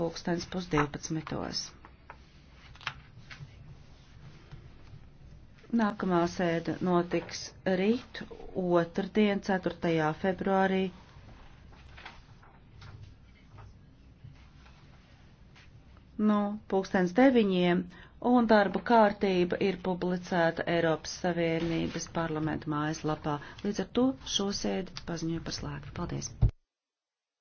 pulkstens pusdivpadsmitos. Nākamā sēde notiks rīt, otrdien, 4. februārī. Nu, pulkstens deviņiem, un darba kārtība ir publicēta Eiropas Savienības parlamenta mājas lapā. Līdz ar to šo sēdi paziņoju par slēgtu. Paldies!